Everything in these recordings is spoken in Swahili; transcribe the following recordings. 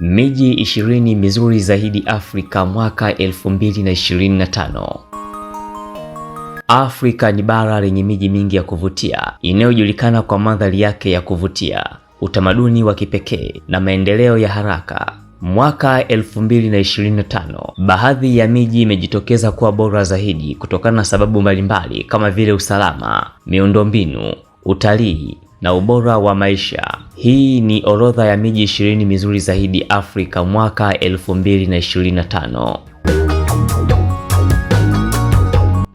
Miji 20 mizuri zaidi Afrika mwaka 2025. Afrika ni bara lenye miji mingi ya kuvutia inayojulikana kwa mandhari yake ya kuvutia, utamaduni wa kipekee na maendeleo ya haraka. Mwaka 2025, baadhi ya miji imejitokeza kuwa bora zaidi kutokana na sababu mbalimbali kama vile usalama, miundombinu, utalii na ubora wa maisha. Hii ni orodha ya miji ishirini mizuri zaidi Afrika mwaka 2025.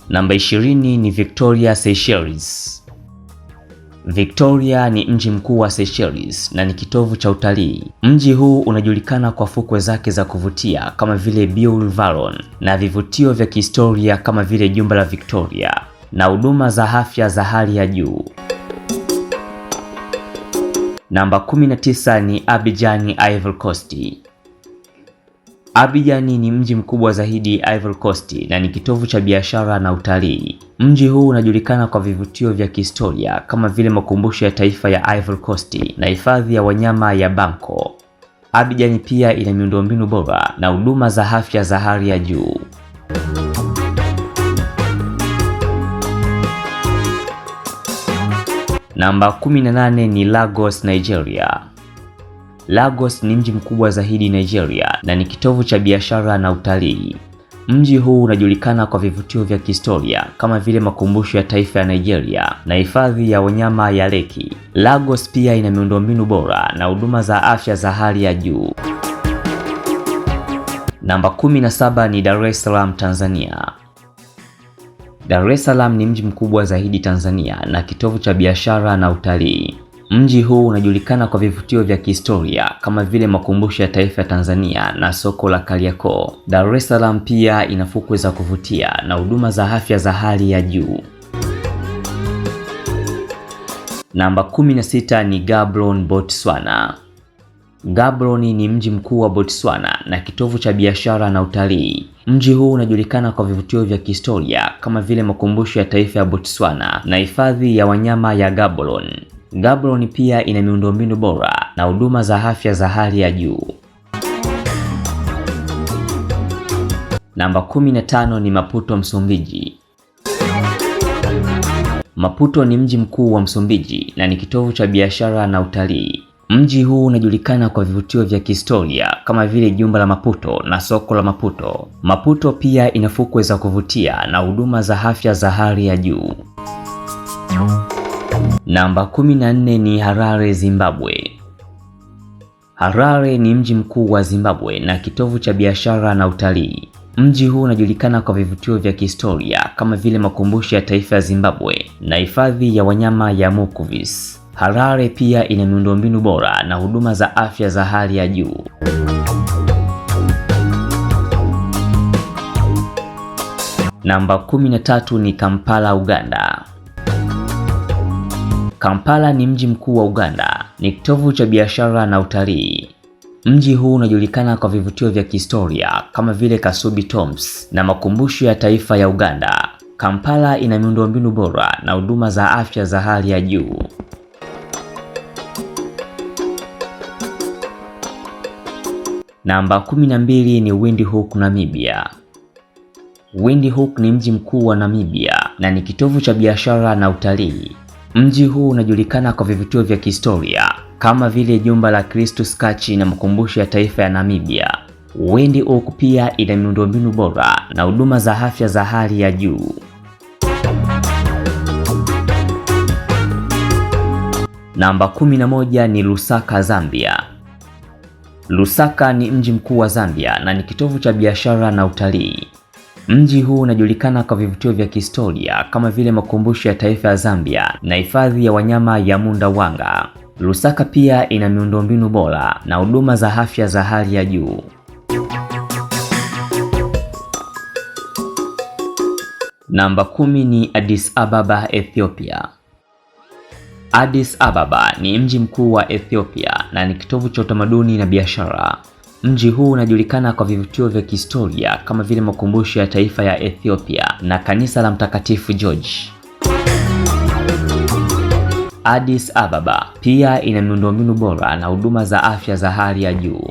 Namba 20 ni Victoria, Seychelles. Victoria ni mji mkuu wa Seychelles na ni kitovu cha utalii. Mji huu unajulikana kwa fukwe zake za kuvutia kama vile Beau Varon na vivutio vya kihistoria kama vile Jumba la Victoria na huduma za afya za hali ya juu. Namba 19 ni Abidjan, Ivory Coast. Abidjan ni mji mkubwa zaidi Ivory Coast na ni kitovu cha biashara na utalii. Mji huu unajulikana kwa vivutio vya kihistoria kama vile makumbusho ya taifa ya Ivory Coast na hifadhi ya wanyama ya Banco. Abidjan pia ina miundombinu bora na huduma za afya za hali ya juu. Namba 18 ni Lagos, Nigeria. Lagos ni mji mkubwa zaidi Nigeria na ni kitovu cha biashara na utalii. Mji huu unajulikana kwa vivutio vya kihistoria kama vile makumbusho ya taifa ya Nigeria na hifadhi ya wanyama ya Lekki. Lagos pia ina miundombinu bora na huduma za afya za hali ya juu. Namba 17 ni Dar es Salaam, Tanzania. Dar es Salaam ni mji mkubwa zaidi Tanzania na kitovu cha biashara na utalii. Mji huu unajulikana kwa vivutio vya kihistoria kama vile makumbusho ya taifa ya Tanzania na soko la Kariakoo. Dar es Salaam pia ina fukwe za kuvutia na huduma za afya za hali ya juu. Namba 16 ni Gaborone, Botswana. Gaborone ni mji mkuu wa Botswana na kitovu cha biashara na utalii. Mji huu unajulikana kwa vivutio vya kihistoria kama vile makumbusho ya taifa ya Botswana na hifadhi ya wanyama ya Gaborone. Gaborone pia ina miundombinu bora na huduma za afya za hali ya juu. Namba 15 ni Maputo, Msumbiji. Maputo ni mji mkuu wa Msumbiji na ni kitovu cha biashara na utalii. Mji huu unajulikana kwa vivutio vya kihistoria kama vile jumba la Maputo na soko la Maputo. Maputo pia ina fukwe za kuvutia na huduma za afya za hali ya juu. Namba 14 ni Harare, Zimbabwe. Harare ni mji mkuu wa Zimbabwe na kitovu cha biashara na utalii. Mji huu unajulikana kwa vivutio vya kihistoria kama vile makumbusho ya taifa ya Zimbabwe na hifadhi ya wanyama ya Mukuvis. Harare pia ina miundombinu bora na huduma za afya za hali ya juu. Namba 13 ni Kampala, Uganda. Kampala ni mji mkuu wa Uganda, ni kitovu cha biashara na utalii. Mji huu unajulikana kwa vivutio vya kihistoria kama vile Kasubi Tombs na makumbusho ya taifa ya Uganda. Kampala ina miundombinu bora na huduma za afya za hali ya juu. Namba 12 ni Windhoek, Namibia. Windhoek ni mji mkuu wa Namibia na ni kitovu cha biashara na utalii. Mji huu unajulikana kwa vivutio vya kihistoria kama vile jumba la Christus Church na makumbusho ya taifa ya Namibia. Windhoek pia ina miundombinu bora na huduma za afya za hali ya juu. Namba 11 ni Lusaka, Zambia. Lusaka ni mji mkuu wa Zambia na ni kitovu cha biashara na utalii. Mji huu unajulikana kwa vivutio vya kihistoria kama vile makumbusho ya taifa ya Zambia na hifadhi ya wanyama ya Mundawanga. Lusaka pia ina miundombinu bora na huduma za afya za hali ya juu. Namba kumi ni Addis Ababa, Ethiopia. Addis Ababa ni mji mkuu wa Ethiopia na ni kitovu cha utamaduni na biashara. Mji huu unajulikana kwa vivutio vya kihistoria kama vile makumbusho ya taifa ya Ethiopia na kanisa la Mtakatifu George. Addis Ababa pia ina miundombinu bora na huduma za afya za hali ya juu.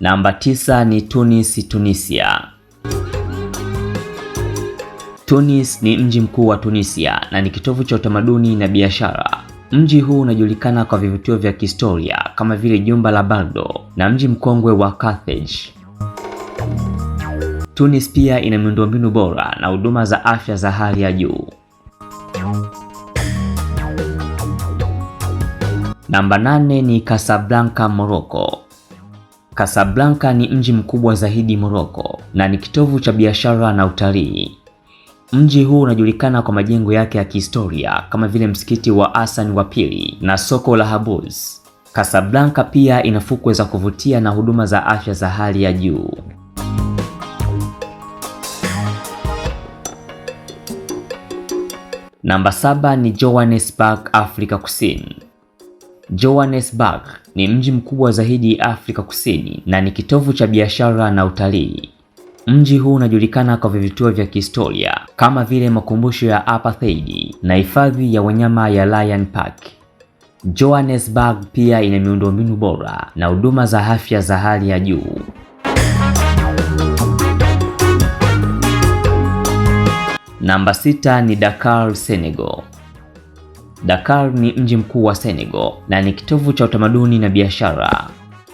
Namba tisa ni Tunis, Tunisia. Tunis ni mji mkuu wa Tunisia na ni kitovu cha utamaduni na biashara. Mji huu unajulikana kwa vivutio vya kihistoria kama vile jumba la Bardo na mji mkongwe wa Carthage. Tunis pia ina miundombinu bora na huduma za afya za hali ya juu. Namba nane ni Casablanca, Morocco. Casablanca ni mji mkubwa zaidi Morocco na ni kitovu cha biashara na utalii. Mji huu unajulikana kwa majengo yake ya kihistoria kama vile msikiti wa Hassan wa pili na soko la Habuz. Casablanca pia ina fukwe za kuvutia na huduma za afya za hali ya juu. Namba saba ni Johannesburg, Afrika Kusini. Johannesburg ni mji mkubwa zaidi Afrika Kusini na ni kitovu cha biashara na utalii. Mji huu unajulikana kwa vivutio vya kihistoria kama vile makumbusho ya apartheid na hifadhi ya wanyama ya Lion Park. Johannesburg pia ina miundombinu bora na huduma za afya za hali ya juu. Namba sita ni Dakar, Senegal. Dakar ni mji mkuu wa Senegal na ni kitovu cha utamaduni na biashara.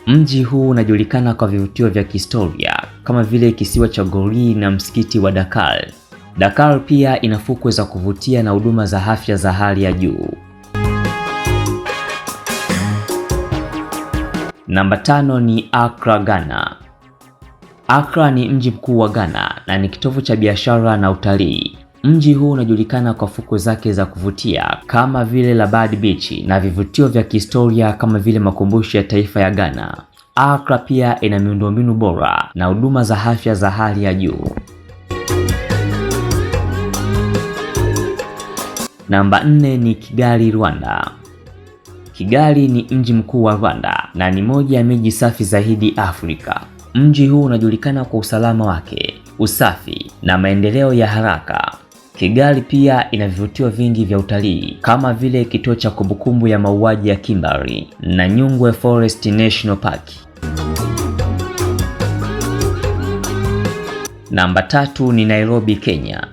Mji huu unajulikana kwa vivutio vya kihistoria kama vile kisiwa cha Gori na msikiti wa Dakar. Dakar pia ina fukwe za kuvutia na huduma za afya za hali ya juu. Namba tano ni Accra, Ghana. Accra ni mji mkuu wa Ghana na ni kitovu cha biashara na utalii. Mji huu unajulikana kwa fukwe zake za kuvutia kama vile Labad Beach na vivutio vya kihistoria kama vile makumbusho ya taifa ya Ghana. Accra pia ina miundombinu bora na huduma za afya za hali ya juu. Namba nne ni Kigali, Rwanda. Kigali ni mji mkuu wa Rwanda na ni moja ya miji safi zaidi Afrika. Mji huu unajulikana kwa usalama wake, usafi na maendeleo ya haraka Kigali pia ina vivutio vingi vya utalii kama vile kituo cha kumbukumbu ya mauaji ya kimbari na Nyungwe Forest National Park. Namba tatu ni Nairobi, Kenya.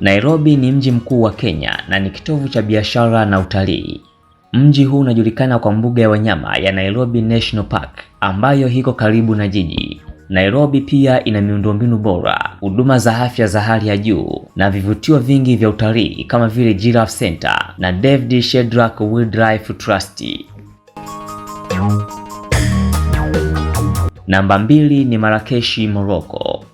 Nairobi ni mji mkuu wa Kenya na ni kitovu cha biashara na utalii. Mji huu unajulikana kwa mbuga ya wanyama ya Nairobi National Park ambayo iko karibu na jiji. Nairobi pia ina miundombinu bora, huduma za afya za hali ya juu na vivutio vingi vya utalii kama vile Giraffe Center na David Sheldrick Wildlife Trust. Namba mbili ni Marakeshi, Morocco.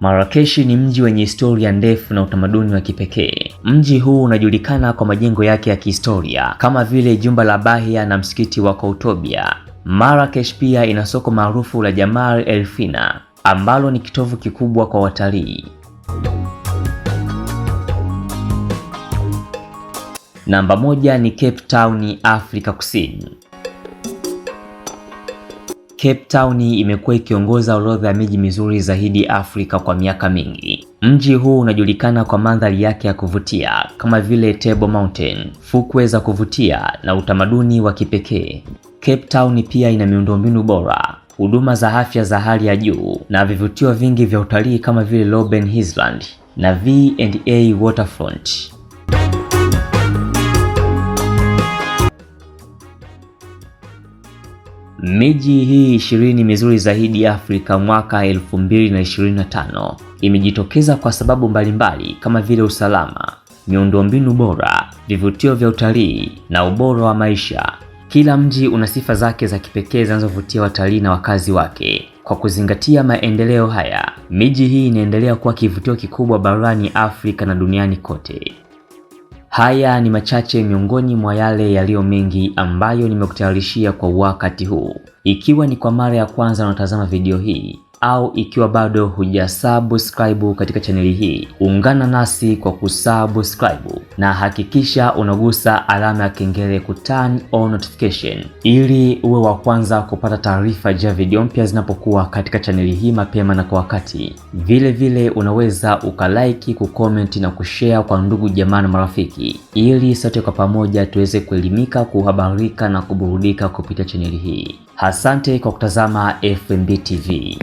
Marakeshi ni mji wenye historia ndefu na utamaduni wa kipekee. Mji huu unajulikana kwa majengo yake ya kihistoria kama vile jumba la Bahia na msikiti wa Koutobia. Marrakesh pia ina soko maarufu la Jamal El Fina ambalo ni kitovu kikubwa kwa watalii. Namba moja ni Cape Town, Afrika Kusini. Cape Town imekuwa ikiongoza orodha ya miji mizuri zaidi Afrika kwa miaka mingi. Mji huu unajulikana kwa mandhari yake ya kuvutia kama vile Table Mountain, fukwe za kuvutia na utamaduni wa kipekee. Cape Town pia ina miundombinu bora, huduma za afya za hali ya juu na vivutio vingi vya utalii kama vile Robben Island na V&A Waterfront. Miji hii ishirini mizuri zaidi Afrika mwaka 2025 imejitokeza kwa sababu mbalimbali kama vile usalama, miundombinu bora, vivutio vya utalii na ubora wa maisha. Kila mji una sifa zake za kipekee zinazovutia watalii na wakazi wake. Kwa kuzingatia maendeleo haya, miji hii inaendelea kuwa kivutio kikubwa barani Afrika na duniani kote. Haya ni machache miongoni mwa yale yaliyo mengi ambayo nimekutayarishia kwa wakati huu. Ikiwa ni kwa mara ya kwanza unatazama video hii, au ikiwa bado hujasubscribe katika chaneli hii, ungana nasi kwa kusubscribe na hakikisha unagusa alama ya kengele ku turn on notification ili uwe wa kwanza kupata taarifa za video mpya zinapokuwa katika chaneli hii mapema na kwa wakati. Vile vile unaweza ukalaiki, kukomenti na kushare kwa ndugu jamaa na marafiki, ili sote kwa pamoja tuweze kuelimika, kuhabarika na kuburudika kupitia chaneli hii. Asante kwa kutazama FMB TV.